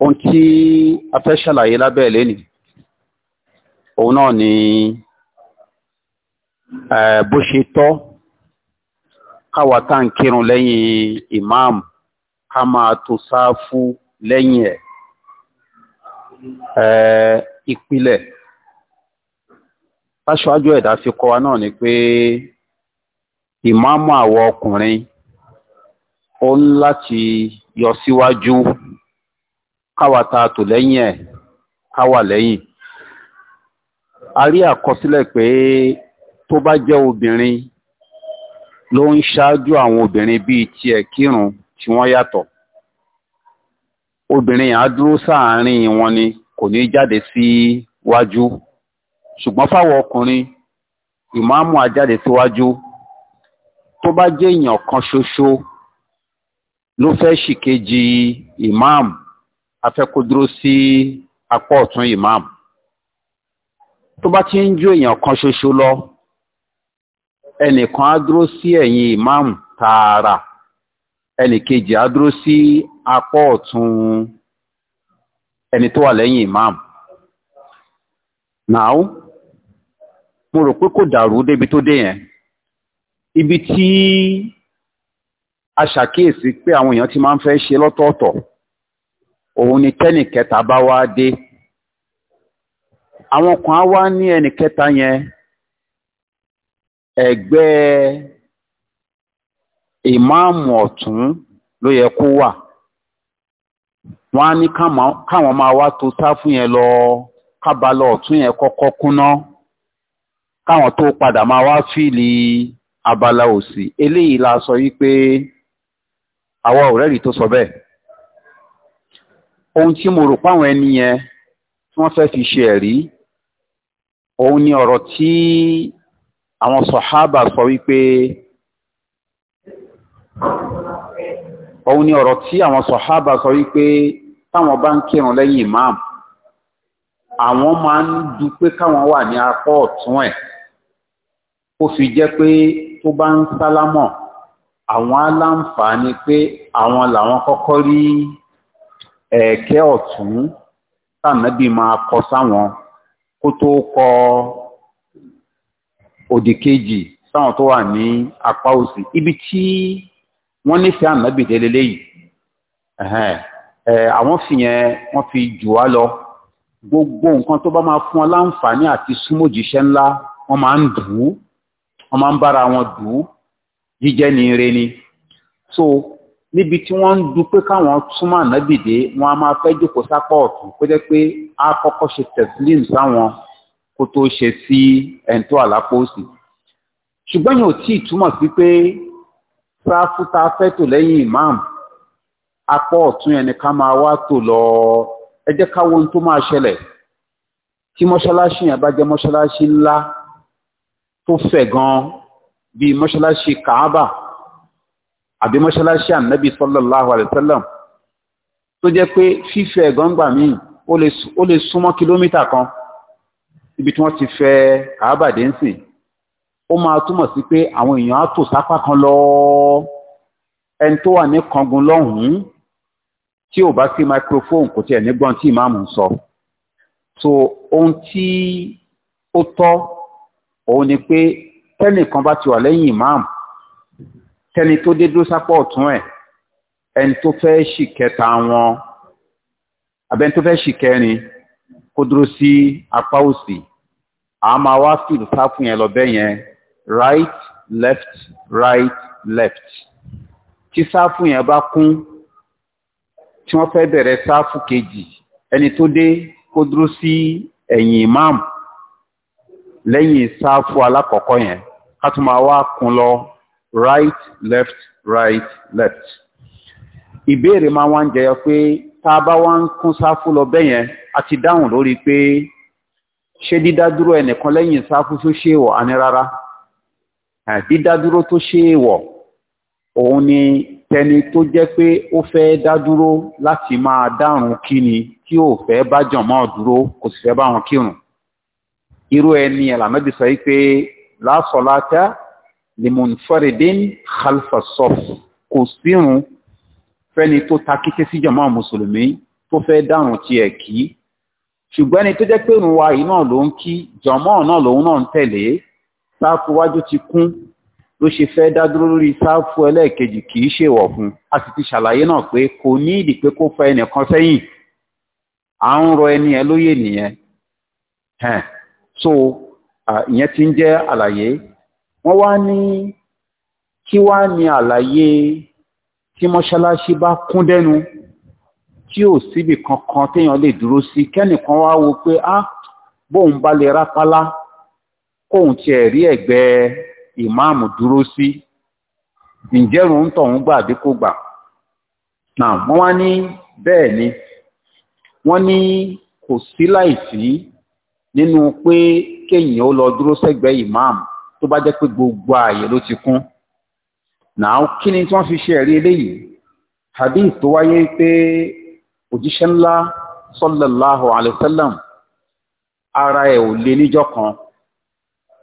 ohun tí a fẹ́ ṣàlàyé lábẹ́ lẹ́nì òun ni eh, bó ṣe tọ́ káwa tá imam ká máa tò sáfù lẹ́yìn ẹ̀ eh, ìpìlẹ̀ aṣáájú ẹ̀dá fi náà ni pé ìmáàmù àwọn ọkùnrin ó ń láti yọ síwájú. káwa ta tò lẹ́yìn ẹ̀ káwa lẹ́yìn a rí àkọsílẹ̀ pé tó bá jẹ́ obìnrin ló ń ṣáájú àwọn obìnrin bíi tiẹ̀ kírun tí wọ́n yàtọ̀ obìnrin yẹn á dúró sáàárín wọn ni kò ní jáde sí wájú ṣùgbọ́n fáwọn ọkùnrin ìmáàmù á jáde síwájú tó bá jẹ́ èèyàn kan ṣoṣo ló fẹ́ ṣìkejì ìmáàmù afẹ́kódúró sí apá ọ̀tún imam tó bá ti ń ju èèyàn kan ṣoṣo lọ ẹnìkan á dúró sí ẹ̀yìn imam tààrà ẹnìkejì á dúró sí apá ọ̀tún ẹni tó wà lẹ́yìn imam now mo rò pé kò dàrú débi tó dé yẹn ibi tí a ṣàkíyèsí pé àwọn èèyàn ti máa ń fẹ́ ṣe lọ́tọ̀ọ̀tọ̀ òun ni tẹ́nì kẹta bá wá dé àwọn kan á wá ní ẹnì kẹta yẹn ẹ̀gbẹ́ ìmáàmù ọ̀tún ló yẹ kó wà wọ́n á ní káwọn máa wá to sáfù yẹn lọ kábàlọ̀ ọ̀tún yẹn kọ́kọ́ kúná káwọn tó padà máa wá fìlì abala òsì eléyìí la sọ yí pé àwa ò rẹ́rìí tó sọ bẹ́ẹ̀ ohun tí mo rò páwọn ẹni yẹn tí wọ́n fẹ́ fi ṣe ẹ̀rí òun ni ọ̀rọ̀ tí àwọn sọ̀hábà sọ wípé òun ni ọ̀rọ̀ tí àwọn sọ̀hábà sọ wípé táwọn bá ń kírun lẹ́yìn imam àwọn máa ń du pé káwọn wà ní apá ọ̀tún ẹ̀ ó fi jẹ́ pé tó bá ń sálámọ̀ àwọn aláǹfààní pé àwọn làwọn kọ́kọ́ rí ẹ̀ẹ̀kẹ́ ọ̀tún tànàbí máa kọ sáwọn kó tó kọ òdì kejì sáwọn tó wà ní apá òsì ibi tí wọ́n nífẹ̀ẹ́ ànábì délélé yìí àwọn fìyẹn wọ́n fi jù wá lọ gbogbo nǹkan tó bá máa fún ọ láǹfààní àti súnmọ́jíṣẹ́ ńlá wọ́n máa ń dùn wọ́n máa ń bára wọn dùn jíjẹ́ ni ire ni so níbi tí wọ́n ń du pé káwọn túmọ̀ ànábì dé wọn a máa fẹ́ jókòó sápọ̀ ọ̀tún kó jẹ́ pé a kọ́kọ́ ṣe tẹ̀sílìm sáwọn kó tó ṣe sí ẹ̀ńtọ́ àlápòsì ṣùgbọ́n yóò tí ì túmọ̀ sí pé sáfù tá fẹ́ tò lẹ́yìn imam apá ọ̀tún yẹn ni ká máa wá tò lọ ẹ jẹ́ ká wo ohun tó máa ṣẹlẹ̀ tí mọ́ṣáláṣí yẹn bá jẹ́ mọ́ṣáláṣí ńlá tó fẹ̀ gan bíi mọ́ṣáláṣí kàábà àbí mọ́ṣáláṣí ànábì sallallahu alaihi wasallam tó jẹ́ pé fífẹ́ ẹ̀gọ́ngbà míì ó lè súnmọ́ kìlómítà kan ibi tí wọ́n ti fẹ́ kàábàdé ń sìn ó máa túmọ̀ sí pé àwọn èèyàn á tò sápá kan lọ ẹni tó wà ní kangun lọ́hùn-ún tí ò bá sí microphone kò tiẹ̀ ní gbọ́n tí ìmáàmù ń sọ so ohun tí ó tọ́ òun ni pé tẹ́nìkan bá ti wà lẹ́yìn ìmáàmù kẹ́ni tó dé dúró sápọ̀ ọ̀tún ẹ̀ ẹni tó fẹ́ ṣì kẹta wọn abẹ́ni tó fẹ́ ṣì kẹrin kó dúró sí apá òsì àá wá fìlù sáfù yẹn lọ bẹ́ẹ̀ right left right left tí sáfù yẹn bá kún tí wọ́n fẹ́ bẹ̀rẹ̀ sáfù kejì ẹni tó dé kó dúró sí ẹ̀yìn imam lẹ́yìn sáfù alákọ̀ọ́kọ́ yẹn ká tún máa wá kún lọ right left right left ìbéèrè máa wá ń jẹyọ pé tá a bá wá ń kún sáfù lọ bẹ́yẹn a ti dáhùn lórí pé ṣé dídádúró ẹnìkan lẹ́yìn sáfù tó ṣe wọ̀ àní rárá dídádúró tó ṣe wọ̀ òun ni tẹni tó jẹ́ pé ó fẹ́ dádúró láti máa dárun kíni tí ò fẹ́ bá jọ̀mọ́ dúró kò sì fẹ́ bá wọn kírun irú ẹni ẹ̀ làmẹ́bí sọ wípé lásọ̀látẹ́ limunfaridin khalfa sọf kò sírun fẹ́ni tó ta kété sí jàmá mùsùlùmí tó fẹ́ dárun tiẹ̀ kí ṣùgbọ́n ẹni tó jẹ́ pé òun wa yìí náà ló ń kí jàmá náà lòun náà ń tẹ̀lé sáàfù wájú ti kún ló ṣe fẹ́ dá dúró lórí sáàfù ẹlẹ́ẹ̀kejì kì í ṣèwọ̀ fún a sì ti ṣàlàyé náà pé kò ní ìdí pé kó fẹ́ ẹnìkan sẹ́yìn à ń rọ ẹni ẹ lóye nìyẹn so ìyẹn ti ń jẹ́ àlàyé wọ́n wá ní kí wá ní àlàyé tí mọ́ṣáláṣí bá kún dẹ́nu tí ò síbì kankan téèyàn lè dúró sí kẹ́nìkan wá wo pé á bóun bá lè rápálá kóun tiẹ̀ rí ẹ̀gbẹ́ ìmáàmù dúró sí ǹjẹ́rùn ń tọ̀hún gbà bí gbà náà wọ́n wá ní bẹ́ẹ̀ ni wọ́n ní kò sí láìsí nínú pé kéèyàn ó lọ dúró sẹ́gbẹ́ ìmáàmù tó bá jẹ́ pé gbogbo ààyè ló ti kún náà kí ni tí wọ́n fi ṣe ẹ̀rí eléyìí hadith tó wáyé pé òjíṣẹ́ ńlá sallallahu alaihi wasallam ara ẹ̀ ò lé níjọ́ kan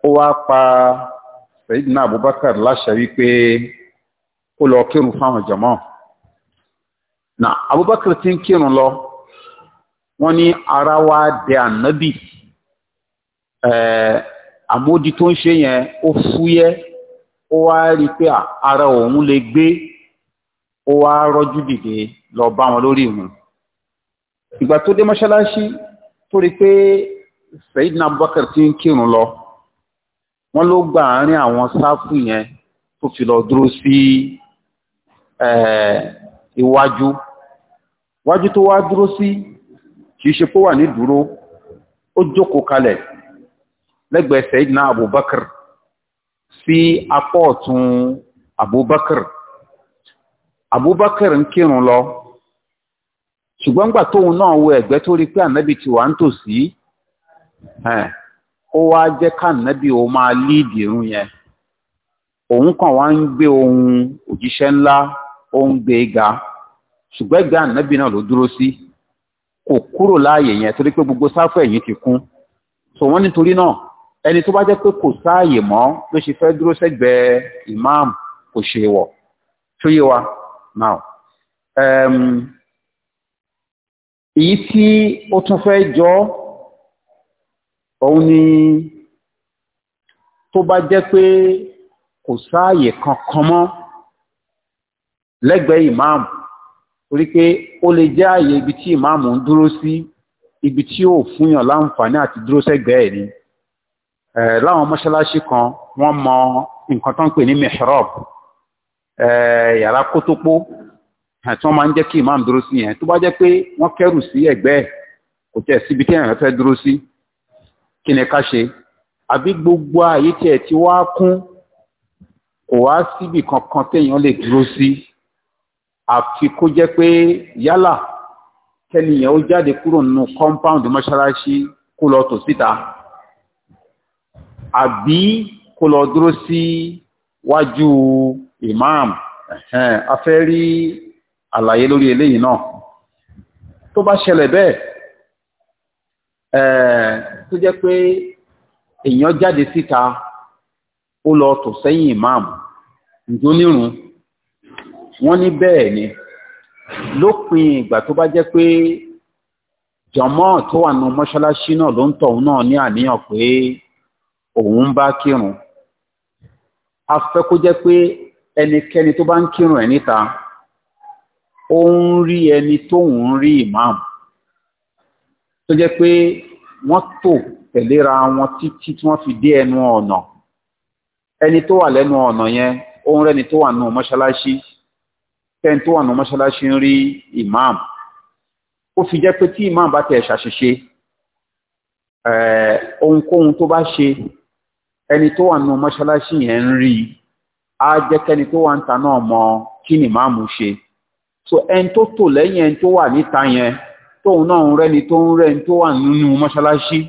ó wá pa Sayyidina Abubakar láṣẹ wípé kó lọ kírun fáwọn jọmọ́ na Abubakar ti ń kírun lọ wọ́n ní ara wa dé ànábì àmódi tó ń ṣe yẹn ó fúyẹ́ ó wá rí pé ara òun lè gbé ó wá rọ́jú dìde lọ bá wọn lórí ìrun ìgbà tó dé mọ́ṣáláṣí tó rí pé Sayyidina Abubakar ti ń kírun lọ wọ́n ló gba àárín àwọn sáfù yẹn tó fi lọ dúró sí iwájú wájú tó wá dúró sí kì í ṣe pé wà ní dúró ó jókòó kalẹ̀ lẹ́gbẹ̀ẹ́ Sayyidina Abubakar sí apá ọ̀tún Abubakar Abubakar ń kírun lọ ṣùgbọ́n gbà tóun náà wo ẹ̀gbẹ́ tó rí pé ànábì ti wà ń tòsí ó wá jẹ́ máa líìdì irun yẹn òun wá gbé ohun òjíṣẹ́ ńlá ó gbé ga ṣùgbọ́n ẹ̀gbẹ́ náà ló dúró sí kò kúrò láàyè yẹn torí gbogbo ti kún ẹni tó bá jẹ́ pé kò sáàyè mọ́ ló ṣe fẹ́ dúró sẹ́gbẹ̀ẹ́ imam kò ṣe wọ̀ tó yé wa now um, èyí tí ó tún fẹ́ jọ òun ni tó bá jẹ́ pé kò sáàyè kankan mọ́ lẹ́gbẹ̀ẹ́ imam torí pé ó lè jẹ́ àyè ibi tí imam ń dúró sí ibi tí ó fúnyàn láǹfààní àti dúró sẹ́gbẹ̀ẹ́ ni. Eh, láwọn mọ́ṣáláṣí kan wọ́n mọ nǹkan tó ń pè ní mihrab eh, yàrá kótópó eh, tí wọ́n máa ń jẹ́ kí imam dúró sí yẹn tó bá jẹ́ pé wọ́n kẹ́rù sí ẹ̀gbẹ́ kò tẹ̀ síbi tí èèyàn fẹ́ dúró sí kí ni ká ṣe àbí gbogbo ààyè tí ẹ̀ ti wá kún kò wá síbi kankan téèyàn lè dúró sí àfi kó jẹ́ pé yálà kẹ́niyàn ó jáde kúrò nínú compound mọ́ṣáláṣí kó lọ tò síta. àbí kó lọ dúró sí wájú imam a rí àlàyé lórí eléyìí náà tó bá ṣẹlẹ̀ bẹ́ẹ̀ tó jẹ́ pé èèyàn jáde síta ó lọ tò sẹ́yìn imam nírun wọ́n ní bẹ́ẹ̀ ni lópin ìgbà tó bá jẹ́ pé jọmọ́ tó wà nù mọ́ṣáláṣí náà ló ń tọ̀hún náà ní àníyàn òun ń bá kírun a fẹ́ kó jẹ́ pé ẹnikẹ́ni tó bá ń kírun ẹ̀ níta ó ń rí ẹni tóun ń rí ìmáàmù tó jẹ́ pé wọ́n tò tẹ̀léra wọn títí tí wọ́n fi dé ẹnu ọ̀nà ẹni tó wà lẹ́nu ọ̀nà yẹn ó ń rẹ́ni tó wà nù mọ́ṣáláṣí tẹ́ni tó wà nù mọ́ṣáláṣí ń rí ìmáàmù ó fi jẹ́ pé tí ìmáàmù bá tẹ̀ ṣàṣìṣe ohunkóhun tó bá ṣe ẹni tó wà nù mọ́ṣáláṣí yẹn ń rí i á jẹ́ kẹ́ni tó wà ń ta náà mọ kí ni máàmù ṣe so ẹni tó tò lẹ́yìn ẹni tó wà níta yẹn tóun náà ń rẹ́ni tó ń rẹ́ni tó wà nínú mọ́ṣáláṣí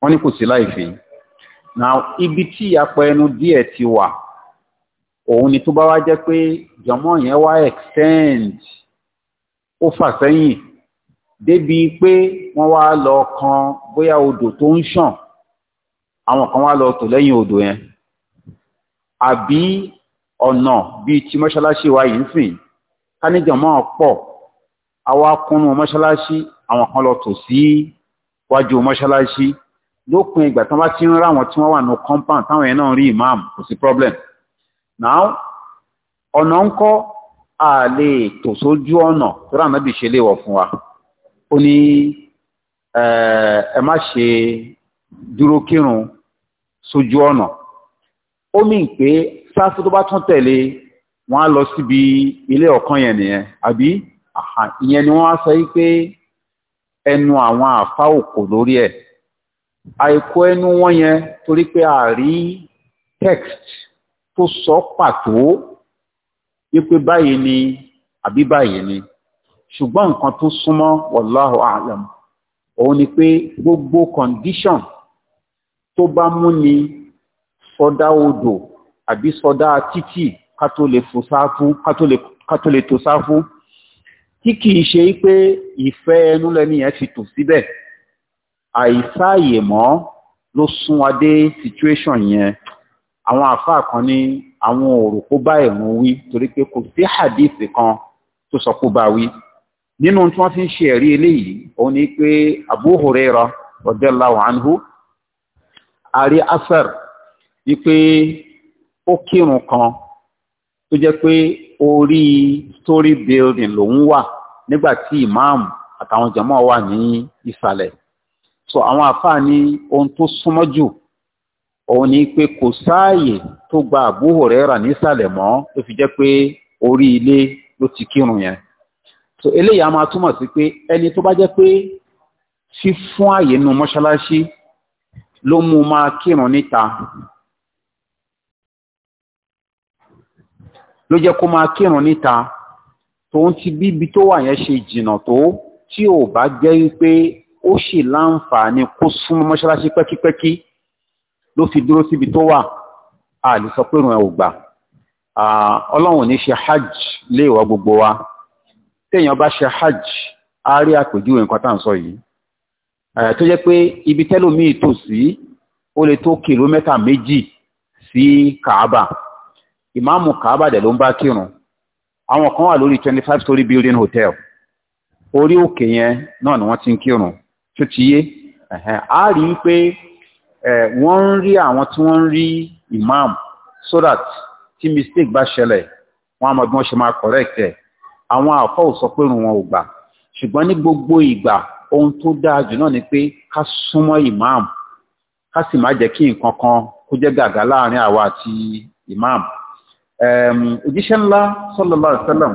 wọ́n ní kò sí láìfi now ibi tí ìyapọ̀ ẹnu díẹ̀ ti wà òun ni tó bá wá jẹ́ pé jọmọ́ yẹn wá extend ó fà sẹ́yìn débi pé wọ́n wá lọ kan bóyá odò tó ń ṣàn àwọn kan wá lọ tò lẹ́yìn odò yẹn àbí ọ̀nà bíi ti mọ́ṣáláṣí wa yìí ń sìn kánìjàmọ́ pọ̀ àwa kúnnú mọ́ṣáláṣí àwọn kan lọ tò sí wájú mọ́ṣáláṣí lópin ìgbà tán bá ti ń rá àwọn tí wọ́n wà ní compound táwọn yẹn náà rí imam kò sí problem now ọ̀nà ń kọ́ a lè tò sójú ọ̀nà tó rà náà bì ṣe léwọ̀ fún wa ó ní ẹ má ṣe dúró kírun sójú ọ̀nà ó mì pé sáfù tó bá tún tẹ̀lé wọ́n á lọ síbi ilé ọ̀kan yẹn nìyẹn àbí ìyẹn ni wọ́n á sọ yí pé ẹnu àwọn àfá òkò lórí ẹ̀ àìkó ẹnu wọn yẹn torí pé a text tó sọ pàtó wípé báyìí ni àbí báyìí ni ṣùgbọ́n nǹkan tó súnmọ́ wallahu a'lam òun ni pé gbogbo condition tó bá mú ni sọdá odò àbí sọdá títì ká tó lè tò sáfú tí kìí ṣe pé ìfẹ́ ẹnu lẹ́ni ẹ̀ fi tò síbẹ̀ àìsáàyè mọ́ ló sún wa dé situation yẹn àwọn àfáà kan ní àwọn òrò kó bá ẹ̀rùn wí torí pé kò sí hadith kan tó sọ kó bá wí nínú tí wọ́n fi ń ṣe ẹ̀rí eléyìí òun ni pé Abu Hurairah anhu Ari rí asar wípé ó kírun kan tó jẹ́ pé orí story building lòún wà nígbà tí ìmáàmù àtàwọn jàmáà wà ní ìsàlẹ̀ so àwọn àfáà ní ohun tó súnmọ́ jù òun ni pé kò sáàyè tó gba Abu Huraira nísàlẹ̀ mọ́ ló fi jẹ́ pé orí ilé ló ti kírun yẹn so eléyìí a máa túmọ̀ sí pé ẹni tó bá jẹ́ pé fífún àyè nínú mọ́ṣáláṣí ló mú máa kírun níta ló jẹ́ kó máa kírun níta tòun ti bíbi tó wà yẹn ṣe jìnnà tó tí ò bá jẹ́ wípé ó ṣì láǹfààní kó súnmọ́ mọ́ṣáláṣí pẹ́kípẹ́kí ló fi dúró síbi tó wà a lè sọ pé ìrùn ẹ̀ ò gbà ọlọ́run ní ṣe hajj léèwọ̀ gbogbo wa téèyàn bá ṣe hajj á rí àpèjúwe nǹkan tá à ń sọ yìí Eh, tó jẹ́ pé ibi tẹ́lòmíì tò sí ó lè tó kìlómítà méjì sí kaaba ìmáàmù kaaba dẹ̀ ló ń bá kírun àwọn kan wà lórí twenty five story building hotel orí òkè yẹn náà ni wọ́n ti ń kírun tó ti yé a rí i pé eh, wọ́n ń rí àwọn tí wọ́n ń rí imam so that tí mistake bá ṣẹlẹ̀ wọ́n á mọ bí wọ́n ṣe máa correct ẹ̀ àwọn àfọ́ ò wọn ò gbà ṣùgbọ́n ní gbogbo ìgbà ohun tó dáa jù náà ni pé ká súnmọ́ ìmáàmù ká sì má jẹ́ kí nǹkan kan kó jẹ́ gàgà láàrin àwa àti ìmáàmù òjíṣẹ́ ńlá sallallahu alaihi wasallam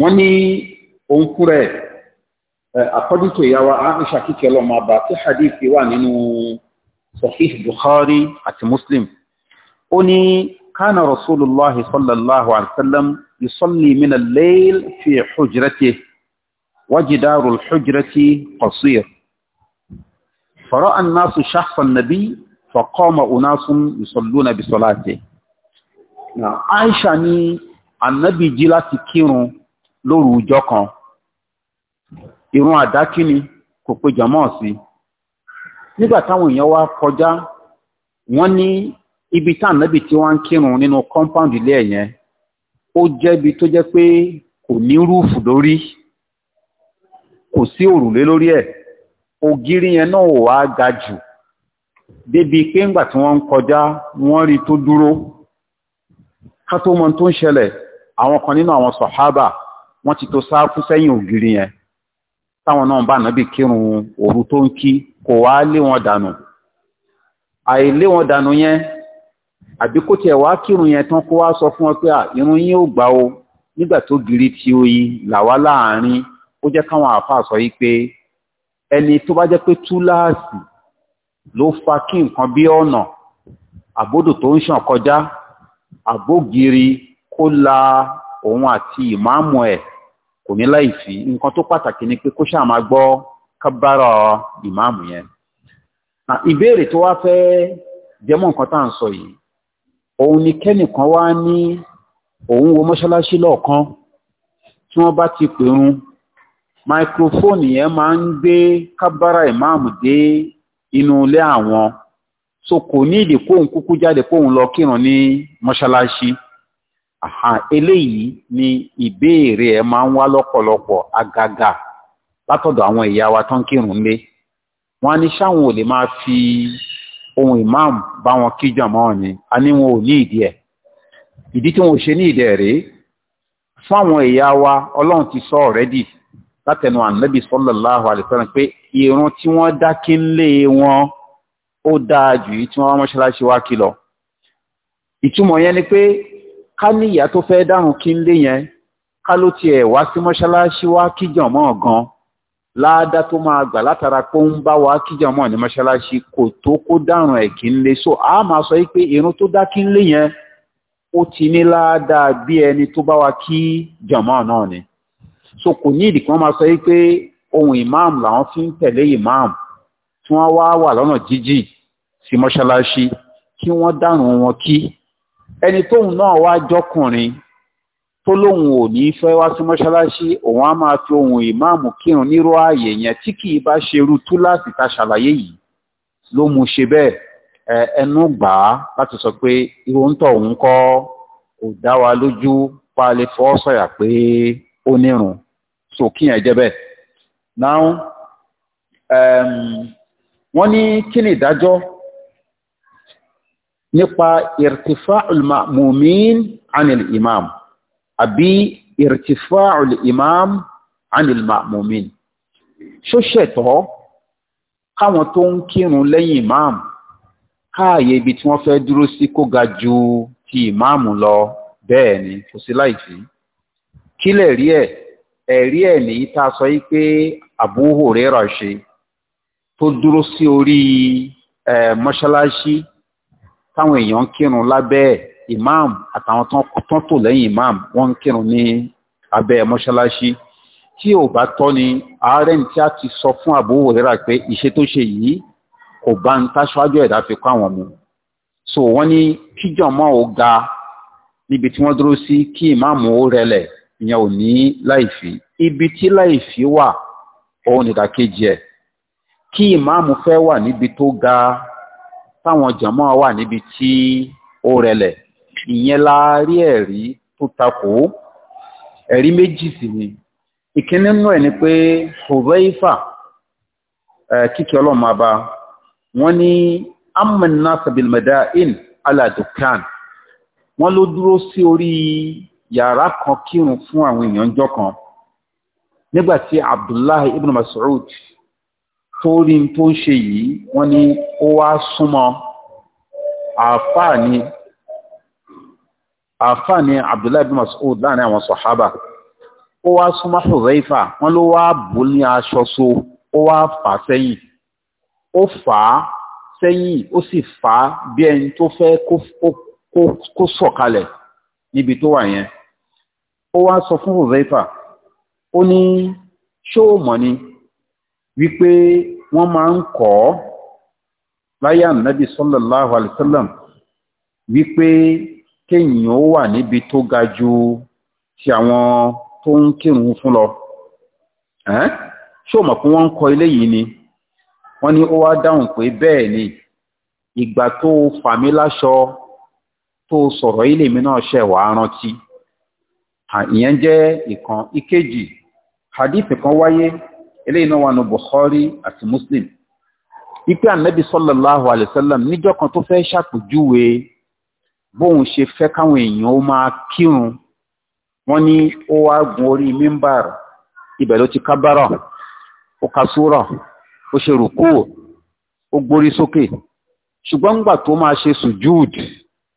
wọ́n ní òun kúrẹ̀ according to ìyàwó Aisha kíkẹ́ lọ́mọ àbá tí hadith wà nínú Sahih Bukhari àti Muslim ó ní كان رسول الله صلى الله عليه وسلم يصلي من الليل في حجرته وجدار الحجرة قصير فرأى الناس شخص النبي فقام أناس يصلون بصلاته عائشة ni النبي jí láti kírun lóru ọjọ́ kan ìrun àdákíní kò pé jàmọ́ sí nígbà táwọn èèyàn wá kọjá wọ́n ní ibi tá ànábì tí wọ́n ń kírun nínú compound ilé ẹ̀ yẹn ó jẹ́ ibi tó jẹ́ pé kò ní rúùfù lórí kò sí òrùlé lórí ẹ̀ ògiri yẹn náà ò wá ga jù débi pé ńgbà tí wọ́n ń kọjá wọ́n rí tó dúró ká tó mọ tó ń ṣẹlẹ̀ àwọn kan nínú àwọn sọ̀hábà wọ́n ti tó sáfù sẹ́yìn ògiri yẹn táwọn náà bá ànábì kírun òru tó ń kí kò wá lé wọn dànù àìlé wọn dànù yẹn àbí kó tiẹ̀ wá kírun yẹn tán kó wá sọ fún ọ pé irun yín ò o nígbà tó giri ti oyi làwa láàrin ó jẹ́ káwọn àáfàá sọ yìí pé ẹni tó bá jẹ́ pé túláàsì ló fa kí nǹkan bí ọ̀nà àbódò tó ń ṣàn kọjá àbógiri kó la òun àti ìmáàmù ẹ̀ kò ní láì fi nǹkan tó ni pé kó ṣáà máa gbọ́ kábàárà ìmáàmù yẹn ìbéèrè tó wá fẹ́ nǹkan tá à ń sọ yìí òun ni kẹ́nìkan wá ní òun wo mọ́ṣáláṣí lọ́ọ̀kan tí wọ́n bá ti pèrún máikrófóònù yẹn máa ń gbé kábàárà ìmáàmù dé inú ilé àwọn so kò ní ìdí kóun kúkú jáde kóun lọ kírun ní mọ́ṣáláṣí eléyìí ni ìbéèrè ẹ̀ máa ń wá lọ́pọ̀lọpọ̀ àgàgà látọ̀dọ̀ àwọn ìyá wa tó ń kírun lé wọn á ní sáwọn ò lè máa fi ohun imam bá wọn kí jàmọ́ ni a ní wọn ò ní ìdí ẹ̀ ìdí tí wọn ò ṣe ní ìdí ẹ̀ rèé fún àwọn ẹ̀yà wa ọlọ́run ti sọ ọ̀rẹ́dì látẹnu ànábì sallallahu alaihi wasallam pé irun tí wọ́n dá kí ń lé wọn ó dáa jù yìí tí wọ́n wá mọ́ṣáláṣí wá kí lọ ìtumọ̀ yẹn ni pé ká ní ìyá tó fẹ́ dárun kí ń lé yẹn ká ló tiẹ̀ wá sí mọ́ṣáláṣí wá kí jàmọ́ gan-an láàdá tó máa gbà látara pé ń bá wa kíjà mọ́ ní mọ́ṣáláṣí kò tó kó dárùn ẹ̀ kí ń lé so a máa sọ pé irun tó dá kí ń lé yẹn ó ti ní láàdá bí ẹni tó bá wa kí jàmọ́ náà ni so kò ní ìdí kan máa sọ pé ohun imam làwọn fi ń tẹ̀lé imam tí wọ́n wá wà lọ́nà jíjì sí mọ́ṣáláṣí kí wọ́n dárùn wọn kí ẹni tóun náà wá jọkùnrin tó lóun ò ní fẹ́ wá sí mọ́ṣáláṣí òun á máa fi ohun ìmáàmù kírun nírú ààyè yẹn tí kì í bá ṣerú túláàsì tá ṣàlàyé yìí ló mú ṣe bẹ́ẹ̀ ẹnu gbà á láti sọ pé irú ń tọ̀ òun kọ́ kò dá wa lójú pa lè fọ́ sọ̀yà pé ó nírun so kí yẹn jẹ́ bẹ́ẹ̀. now wọ́n ní kí ni ìdájọ́ nípa irtifa al-ma'mumin anil imam àbí irtifa'ul imam anil ma'mumin ṣó ṣẹ̀tọ́ káwọn tó ń kírun lẹ́yìn imam káàyè ibi tí wọ́n fẹ́ dúró sí kó ga ju ti imam lọ bẹ́ẹ̀ ni kò sí láìsí kílẹ̀ rí ẹ̀ ẹ̀rí ẹ̀ nìyí tá a sọ yí pé Abu Huraira ṣe tó dúró sí orí mọ́ṣáláṣí táwọn èèyàn ń kírun lábẹ́ ẹ̀ imam àtàwọn tán tò lẹ́yìn imam wọ́n ń kírun ní abẹ́ mọ́ṣáláṣí tí ò bá tọ́ ni ààrẹ tí a ti sọ fún Abu Huraira pé iṣẹ́ tó ṣe yìí kò bá ń táṣáájú ẹ̀dá fi kọ́ àwọn mu so wọ́n ní kíjọ̀mọ́ ò ga níbi tí wọ́n dúró sí kí ìmáàmù ó rẹlẹ̀ ìyẹn ò ní láìfí ibi tí láìfí wà òun nìdàkejì ẹ̀ kí ìmáàmù fẹ́ wà níbi tó ga táwọn jọ̀mọ́ wà níbi tí ó rẹlẹ̀ ìyẹn la rí ẹ̀rí tó takò ẹ̀rí méjì sì ni ìkíní nínú ẹ̀ ni pé Hudhaifa kíkẹ́ ọlọ́run máa bá wọ́n ní amina sabil madain aladukan wọ́n ló dúró sí orí yàrá kan kírun fún àwọn èèyàn jọ kan nígbàtí Abdullahi ibn Mas'ud tó rí tó ń ṣe yìí wọ́n ní ó wá súnmọ́ àáfàá ni àfà ní abdullahi bin mas'ud láàrin àwọn sọ̀hábà ó wá súnmọ́ Hudhaifa wọ́n ló wá bù ní aṣọ so ó wá fà sẹ́yìn ó fà á sẹ́yìn ó sì fà á bí ẹni tó fẹ́ kó sọ̀kalẹ̀ níbi tó wà yẹn ó wá sọ fún Hudhaifa ó ní ṣó ni wípé wọ́n máa ń kọ́ láyé ànábì sallallahu wípé kéèyàn ó wà níbi tó ga ju ti àwọn tó ń kírun fún lọ ṣó mọ̀ pé wọ́n ń kọ ilé yìí ni wọ́n ní ó wá dáhùn pé bẹ́ẹ̀ ni ìgbà tó fà mí láṣọ tó sọ̀rọ̀ ilé mi náà ṣẹ̀ wá rántí ìyẹn jẹ́ ìkan ìkejì hadith kan wáyé eléyìí náà wà ní Bukhari àti Muslim ipe anabi sallallahu alayhi wa sallam níjọ́ kan tó fẹ́ ṣàpèjúwe bóun ṣe fẹ́ káwọn èèyàn ó máa kírun wọ́n ní ó wá gun orí mímbàr ibẹ̀ ló ti kábàrọ̀ ó ka súrọ̀ ó ṣe rùkú ó gbórí sókè ṣùgbọ́n ńgbà tó máa ṣe sùjúùd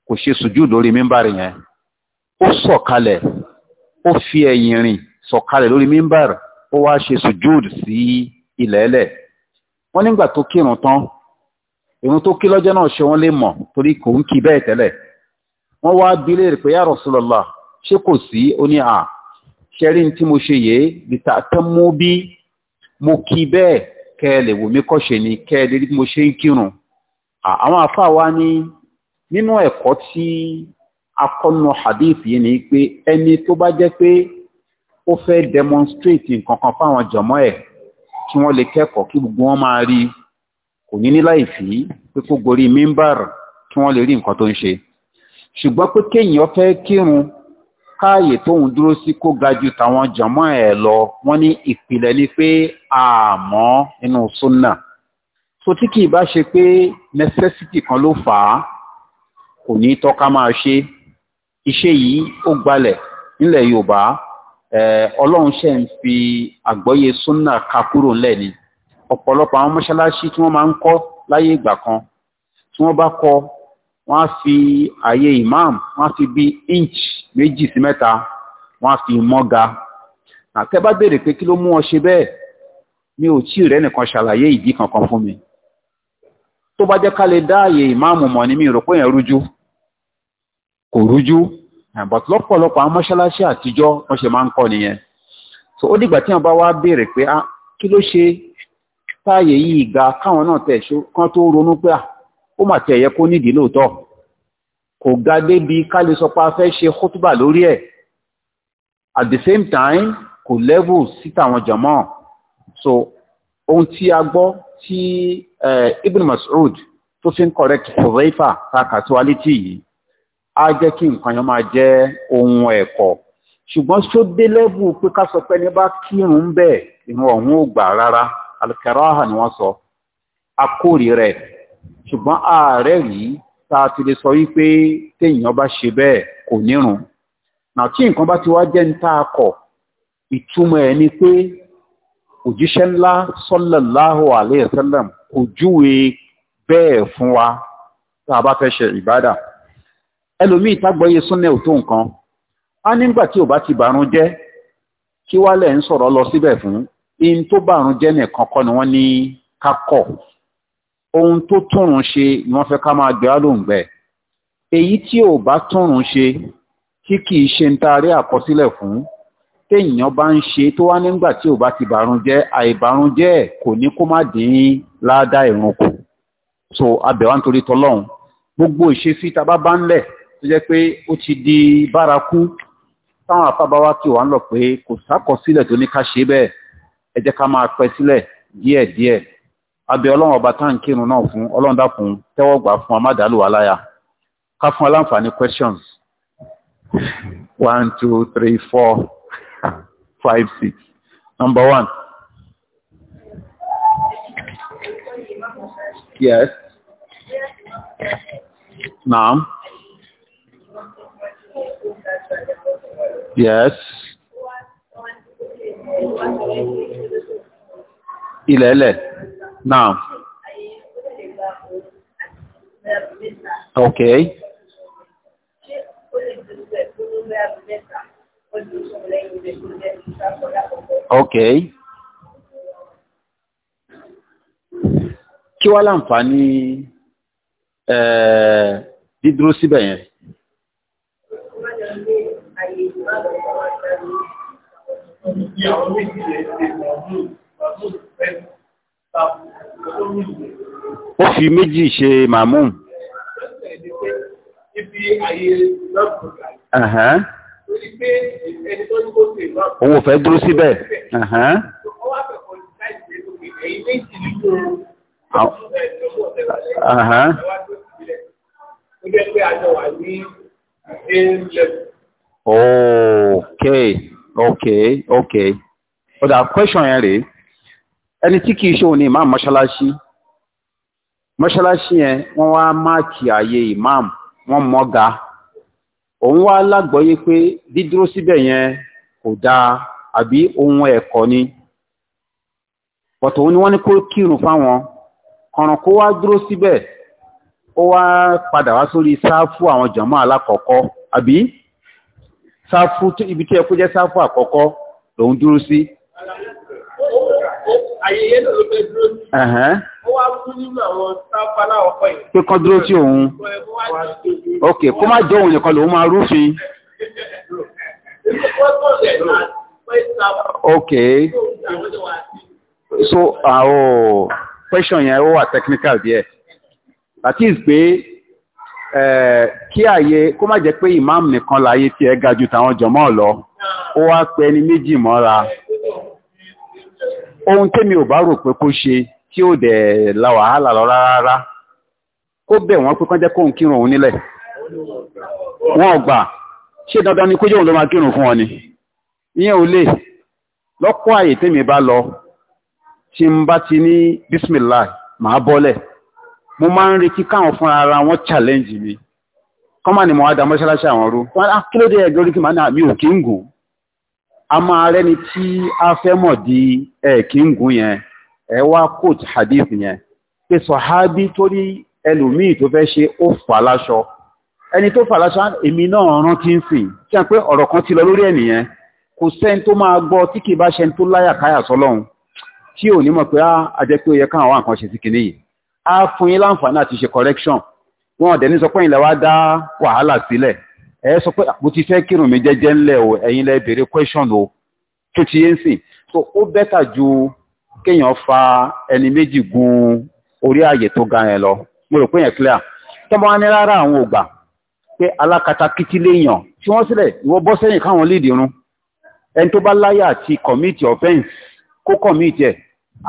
kò ṣe sùjúùd lórí mímbàr yẹn ó sọ̀kalẹ̀ ó fi ẹ̀yìn rìn sọ̀kalẹ̀ lórí ó wọ́n wá bilé rẹ̀ pé ya Rasulullah ṣé kò sí ó ní à ṣẹ́rí tí mo ṣe yé lítà tán mú bí mo kí bẹ́ẹ̀ kẹ́ẹ̀lẹ̀ wò mí kọ́ṣe ni kẹ́ẹ̀lẹ̀ rí mo ṣe ń kírun àwọn àfà wa ní nínú ẹ̀kọ́ tí akọ́nà hadith yìí ni pé ẹni tó bá jẹ́ pé ó fẹ́ demonstrate nǹkan kan fáwọn jọmọ́ ẹ̀ kí wọ́n lè kẹ́kọ̀ọ́ kí gbogbo wọn máa rí kò ní ní láì fi pé kó gorí mímbàr kí wọ́n lè rí nǹkan tó ń ṣe ṣùgbọ́n pé kéèyàn fẹ́ kírun káàyè tóun dúró sí kó ga ju tàwọn jàmọ́ ẹ̀ lọ wọ́n ní ìpìlẹ̀ ni pé àmọ́ nínú súnà so tí kì í bá ṣe pé necessity kan ló fà á kò ní tọ́ka máa ṣe iṣẹ́ yìí ó gbalẹ̀ nílẹ̀ yorùbá ọlọ́run ṣe ń fi àgbọ́yé súnà ka kúrò ńlẹ̀ ni ọ̀pọ̀lọpọ̀ àwọn mọ́ṣáláṣí tí wọ́n máa ń kọ́ láyé ìgbà kan tí wọ́n bá kọ́ wọ́n á fi àyè imam wọ́n á fi bí inch méjì sí mẹ́ta wọ́n á fi mọ́ga àkẹ́ bá béèrè pé kí ló mú ọ ṣe bẹ́ẹ̀ mi ò tí rẹ̀ nìkan ṣàlàyé ìdí kankan fún mi tó bá jẹ́ ká lè dá àyè imam mọ̀ ní mi rò pé yẹn rújú kò rújú but lọ́pọ̀lọpọ̀ àwọn mọ́ṣáláṣí àtijọ́ wọ́n ṣe máa ń kọ́ nìyẹn so ó dìgbà tí wọ́n bá wá béèrè pé ah, kí ló ṣe táàyè yìí ga káwọn náà tẹ̀ ṣó kán tó ronú pé ah, ó mà ti ẹ̀yẹ kó nídìí lóòótọ́ kò ga débi ká lè fẹ́ ṣe kótóbà lórí ẹ̀ at the same time kò lẹ́bù síta àwọn jọmọ́ so ohun tí a gbọ́ tí Ibn Mas'ud tó fi ń correct Hudhayfa ta kàtíwálítì yìí á jẹ́ kí nǹkan yẹn máa jẹ́ ohun ẹ̀kọ́ ṣùgbọ́n tó dé lẹ́bù pé ká sọ pé ní bá kírun bẹ́ẹ̀ ìrun ọ̀hún ò gbà rárá al ni wọ́n sọ akórè rẹ̀ ṣùgbọ́n ààrẹ rí tá ti lè sọ wípé téèyàn bá ṣe bẹ́ẹ̀ kò nírun nàtí nǹkan bá ti wá jẹ́ ń tá a kọ̀ ìtumọ̀ ẹ̀ ni pé òjíṣẹ́ ńlá sallallahu alayhi kò júwe bẹ́ẹ̀ fún wa tá a bá fẹ́ ṣe ìbádà ẹlòmíì tágbọ́yé súnlẹ̀ òtó nǹkan á nígbà tí ò bá ti bàrún jẹ́ kí wálẹ̀ ń sọ̀rọ̀ lọ síbẹ̀ fún in tó bàrún jẹ́ nìkan kọ́ ni wọ́n ní kákọ̀ ohun tó túnrùn ṣe ni wọ́n fẹ́ ká máa gbé alóǹgbẹ́ èyí tí ò bá túnrùn ṣe tí kìí ṣe ń taari àkọsílẹ̀ fún téèyàn bá ń ṣe tó wá nígbà tí ò bá ti bàrún jẹ́ àìbàrún jẹ́ kò ní kó má dín ládàá ìrun kù so abẹ̀wá nítorí tọlọ́run gbogbo ìṣesí tá bá bá ń lẹ̀ tó jẹ́ pé ó ti di bárakú táwọn afábáwá tí wà ń lọ pé kò sákọsílẹ̀ tó ní ká ṣe bẹ́ẹ̀ ẹ jẹ́ ká máa pẹ́ sílẹ̀ díẹ̀díẹ̀ abẹ ọlọ́run ọba tá à ń kírun náà fún ọlọ́run dákun tẹ́wọ́ gbà fún amádàálù aláya ká fún aláǹfààní questions one two three four five six number one. Yes. Naam. Yes. Ilẹ̀lẹ̀. Now. Okay. Okay. Kí wá láǹfààní eh, dídúró síbẹ̀ yẹn? Ìyàwó méjì ó fi méjì ṣe màmú. Òun ò fẹ́ dúró síbẹ̀. Okay, okay, okay. Ó dà question yẹn rèé ẹni tí kìí ṣe òun ni imam mọ́ṣáláṣí mọ́ṣáláṣí yẹn wọ́n wá máàkì ààyè imam wọ́n mọ́ga òun wá lágbọ́yé pé dídúró síbẹ̀ yẹn kò dáa àbí ohun ẹ̀kọ́ ni pọ̀tò òun ni wọ́n ní kó kírun fáwọn ọ̀ràn kó wá dúró síbẹ̀ ó wá padà wá sórí sáfù àwọn jàmáà alákọ̀ọ́kọ́ àbí sáfù ibi tí ẹ kó jẹ́ sáfù àkọ́kọ́ lòun dúró sí ayẹyẹ náà ló fẹ́ dúró sí. ó wá fún nínú àwọn sáfà ọkọ yìí. pé kán dúró sí òun. ok kó má jọ òun nìkan lòun máa rúfin. ok so àwọn uh, question yẹn ó wà technical díẹ̀ that is pé kí àyè kó má jẹ́ pé imam nìkan láyé tí ẹ ga ju tàwọn jọmọ́ lọ ó wá pé ẹni méjì mọ́ra. ohun tẹ́mi ò bá rò pé kó ṣe tí ó dẹ̀ la wàhálà lọ rárá kó bẹ̀ wọ́n pé kán jẹ́ kóhun kírun òun nílẹ̀ wọn gbà ṣé dandan ni kójú òun ló máa kírun fún wọn ni ìyẹn ò lè lọ́pọ̀ àyè lọ tí n bá ti ní màá bọ́lẹ̀ mo máa ń retí káwọn mi kọ́mà ni mo wá da àwọn wọn á ẹgbẹ́ orí kí a máa rẹ́ni tí a fẹ́ mọ̀ di ẹ̀kíngun yẹn ẹ wá kóòtù hadith yẹn pé sọ̀hábí torí ẹlòmíì tó fẹ́ ṣe ó fà láṣọ ẹni tó fà láṣọ èmi náà rántí ń sìn tí a pé ọ̀rọ̀ kan ti lọ lórí ẹ̀ nìyẹn kò sẹ́ni tó máa gbọ́ tí kì bá ṣẹni tó láyàkáyà sọ́lọ́run tí ò ní mọ̀ pé ah, a jẹ́ pé ó yẹ káwọn nǹkan ṣe sí kìíní yìí a fún yín láǹfààní àti ṣe correction wọn ọ̀dẹ̀ ní sọ pé ìlẹ̀ wá dá wàhálà sílẹ̀ ẹ sọ pé mo ti fẹ́ kírun mi jẹ́jẹ́ ńlẹ̀ o ẹ̀yin lẹ béèrè question o tó ti yé sìn so ó bẹ́tà ju kéèyàn fa ẹni méjì gun orí ààyè tó ga yẹn lọ mo rò pé yẹn clear tọ́mọ ní rárá àwọn ògbà pé alákatakítí léèyàn tí wọ́n sílẹ̀ ìwọ bọ́ sẹ́yìn káwọn léèdì run ẹni tó bá láyà àti commit offence kó commit ẹ̀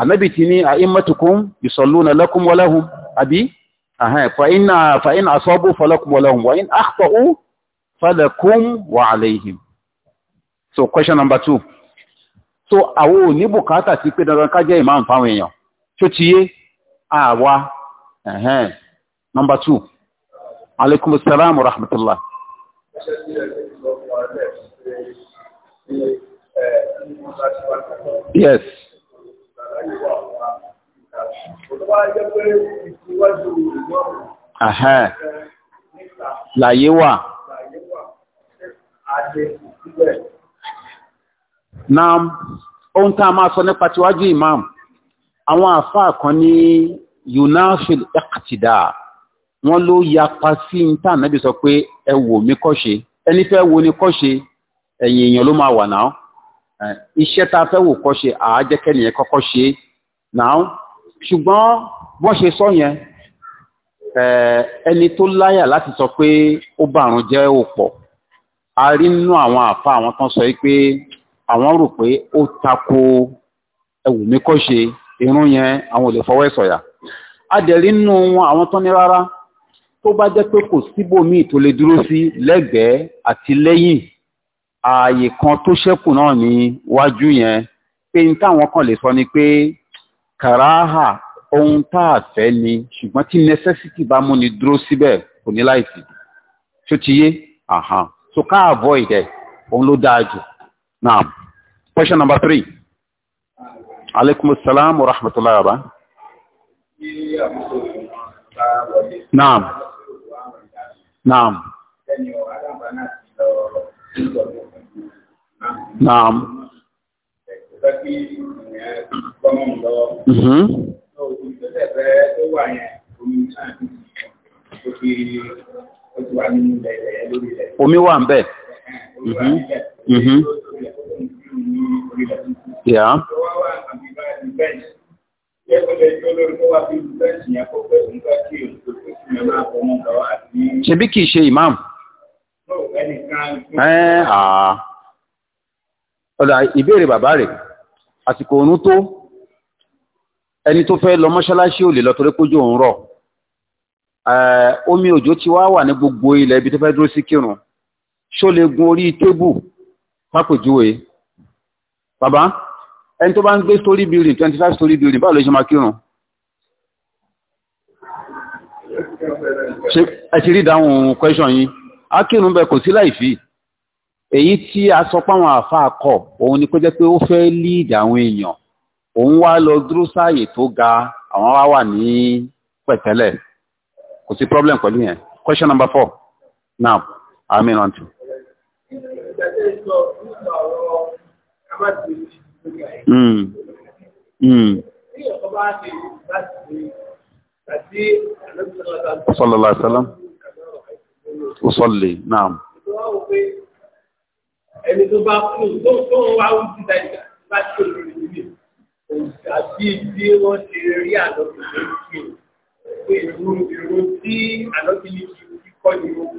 ànábì ti ní àìmọ́tòkún ìsọ̀lúnà lẹ́kùnmọ́lẹ́hùn àbí fa iná asọ́bù fọlọ́kùnmọ́lẹ́hùn wọ́n in àpọ̀ falakum wa alayhim so question number two so àwọn òní bùkátà sí pé dandan ká jẹ́ imam fáwọn èèyàn tó ti yé àwa ẹ̀hẹ́n number two alaykum salam wa rahmatullah yes Àhẹ́, láyé wà àdéhùn síbẹ̀. na ohun tá a máa sọ nípa tiwájú imam àwọn àfáà kan ní yunafil iqtida wọ́n ló yapa sí níta nàbí sọ pé ẹ wò mí ẹni fẹ́ wo ni kọ́ ṣe ẹ̀yìn èèyàn ló máa wà náà iṣẹ́ tá a fẹ́ wò kọ́ ṣe àájẹ́kẹ́ni yẹn kọ́kọ́ ṣe náà ṣùgbọ́n wọ́n ṣe sọ yẹn ẹni tó láyà láti sọ pé ó bàrùn jẹ́ òpọ̀ a rí nínú àwọn àfa àwọn tán sọ pé àwọn rò pé ó tako ẹwù mi kọ́ ṣe irun yẹn àwọn ò lè fọwọ́ ẹ̀sọ̀yà a dẹ̀ rí nínú àwọn tán ní rárá tó bá jẹ́ pé kò síbòmíì tó lè dúró sí lẹ́gbẹ̀ẹ́ àti lẹ́yìn ààyè kan tó ṣẹ́kù náà ní wájú yẹn pé ní táwọn kan lè sọ ni pé kàráhà ohun tá a fẹ́ ni ṣùgbọ́n tí necessity bá múni dúró síbẹ̀ kò ní láìsí tó ti yé Uh -huh so ká avoid ẹ̀ òun ló dáa now question number three alaikum salam wa rahmatullahi wa barakatuh naam naam naam mm-hmm. omi wà ń bẹ̀. Mhm. Mhm. ṣebí kìí ṣe imam. ọ̀dà ìbéèrè bàbá rẹ̀ àsìkò òun tó ẹni tó fẹ́ lọ mọ́ṣáláṣí ò lè lọ torí pójú òun rọ̀ omi òjò ti wá wà ní gbogbo ilẹ̀ ibi tó fẹ́ dúró sí kírun ṣó lè gun orí tébù pápòjúwe bàbá ẹni tó bá ń gbé story building twenty five story building báwo ló ṣe máa kírun ẹ ti rí ìdáhùn question yín akírun bẹ́ẹ̀ kò sí láì fi èyí tí a sọ páwọn àáfàá kọ òun ni kó jẹ́ pé ó fẹ́ líìdì àwọn èèyàn òun wá lọ dúró sáàyè tó ga àwọn wá wà ní pẹ̀tẹ́lẹ̀ kò sí problem pẹ̀lú yẹn question number four now amen unto. صلى الله عليه وسلم وصلي نعم ẹni tó bá kú tó tó ń ó ti dájà bá tó lè rí mi àti bí wọ́n ti rí àlọ́kùnrin kí o pé irú irú tí àlọ́kùnrin kí kọ́ ni ó kú.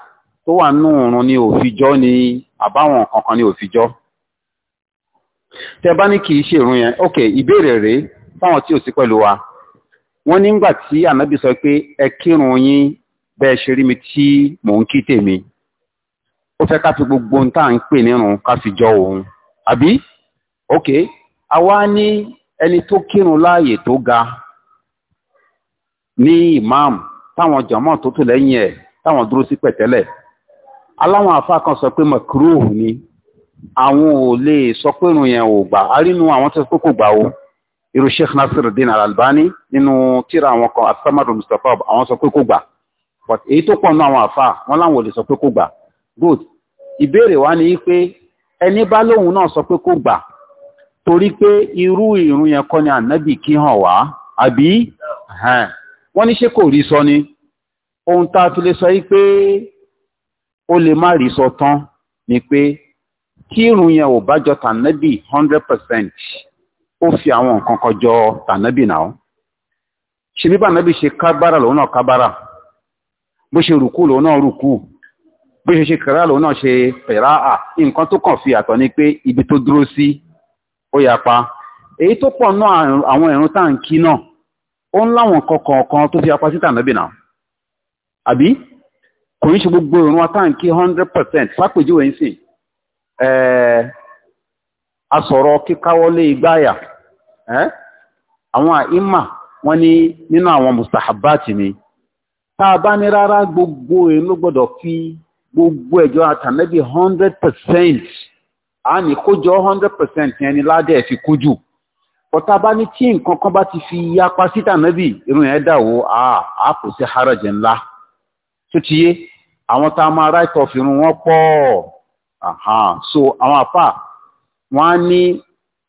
tó wà nínú òrùn ni òfijọ́ ni àbáwọn kankan ni òfijọ́ tẹ bá ní kì í ṣe ìrun yẹn ok ìbéèrè rèé fáwọn tí ò sí pẹ̀lú wa wọ́n nígbà tí ànábì sọ pé ẹ kírun yín bẹ́ẹ̀ ṣe rí mi tí mò ń kí tèmi ó fẹ́ ká fi gbogbo ohun tá à ń pè nírun ká fi jọ òun àbí ok àwa ní ẹni tó kírun láàyè tó ga ní imam táwọn jọmọ tó tò lẹ́yìn ẹ̀ táwọn dúró sí pẹ̀tẹ́lẹ̀ aláwọn àfa kan sọ pé makruh ni àwọn ò lè sọ pé irun yẹn ò gbà arínú àwọn tó kó kò gbà o irú sheikh nasiruddin al-albani nínú tíra àwọn kan asamadu mustapha àwọn sọ pé kò gbà but èyí tó pọ̀ nínú àwọn àfa wọn láwọn ò lè sọ pé kò gbà good ìbéèrè wa ni pé ẹni bá lóun náà sọ pé kò gbà torí pé irú ìrun yẹn kọ́ ni ànábì kí hàn wá àbí wọ́n ní ṣé kò rí sọ ni ohun tá a fi lè sọ yìí pé ó lè má rí sọ tán ni pé kí irun yẹn ò bá jọ tànẹ́bì hundred percent ó fi àwọn nǹkan kan jọ tànẹ́bì náà ṣe bí bànẹ́bì ṣe kábàrà lòun náà kábàrà bó ṣe rùkú lòun náà rùkú bó ṣe ṣe kẹrà lòun náà ṣe pẹ̀rà à nǹkan tó kàn fi àtọ̀ ni pé ibi tó dúró sí ó yapa èyí tó pọ̀ náà àwọn ẹ̀rùn tá náà ó ń láwọn kọ̀ọ̀kan tó fi apá sí tànẹ́bì náà àbí kuru isu gbogbo oyi nnukwu 100% saa apu ejiwa ọsịn ịn asọrọ kekawolee ịgbà ya ịn asọpụ ịn ma nínú awọn mustahabat ni taa abaniri arahari gbogbo oyi n'ogbọdọ ọfi gbogbo ọdụ ụtọ anabi 100% ha n'ikojọ 100% ha enyilade efikọ ọjọọ ọta abaniri nke nkankan ba ya ọsịsọ afọ ise fi yapa ụtọ nabi oyi nwunye ụda oyi akpọ ose harajị tó ti yé àwọn tá a máa right off irun wọn pọ̀ so àwọn àfà wọn á ní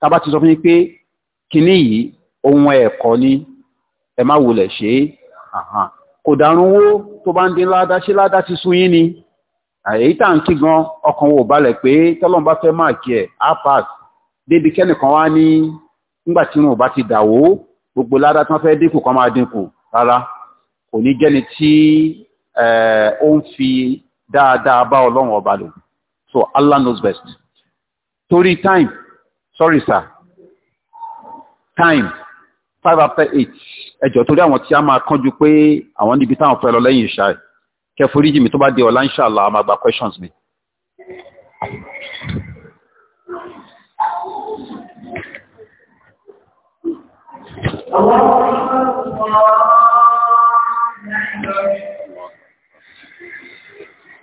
tábà ti sọ fún yín pé kinní yìí ohun ẹ̀kọ́ ni ẹ má wulẹ̀ ṣe é kò dàrún wó tó bá ń dín ládá ṣé ládá ti sun yín ni èyí tá à ń kí gan ọkàn wò balẹ̀ pé tọ́lọ́n bá fẹ́ máa kí ẹ̀ á pass débi kẹ́nìkan wá ní nígbà tí wọn ò bá ti dàwó gbogbo ládá tí wọ́n fẹ́ dínkù kan máa dínkù rárá kò ní jẹ́ni tí ó ń fi dáadáa bá ọlọ́run ọba lò so Allah knows best torí time sorry sir time five after eight ẹjọ́ torí àwọn tí a máa kánjú pé àwọn níbi táwọn fẹ́ lọ lẹ́yìn ìṣá ẹ̀ kẹforíjì mi tó bá di ọ̀la inshallah a máa questions mi. Allah